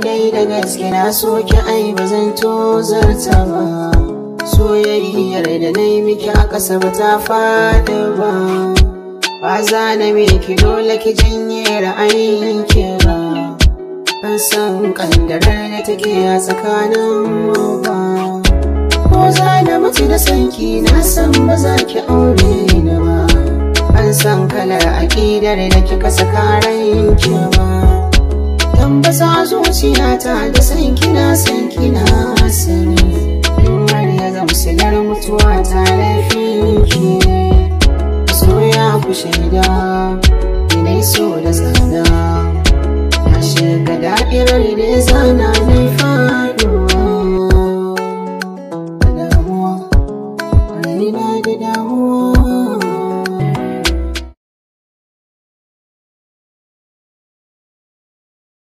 dai da gaske na soke ai ba zan tozarta ba soyayyar da na yi miki a ƙasa ba ta fada ba ba za na miki dole ki janye ra'ayin ba ban san kandarar da take a tsakanin mu ba ko za na mutu da sanki na san ba za ki aure san kalar aƙidar da kika saka ranki ba tambasa zuciya ta da san kina san kina sani Umar ya zamsilar mutuwa ta laifinki so ya ku shaida inai so da tsada na shiga da'irar da zana na faduwa da damuwa da damuwa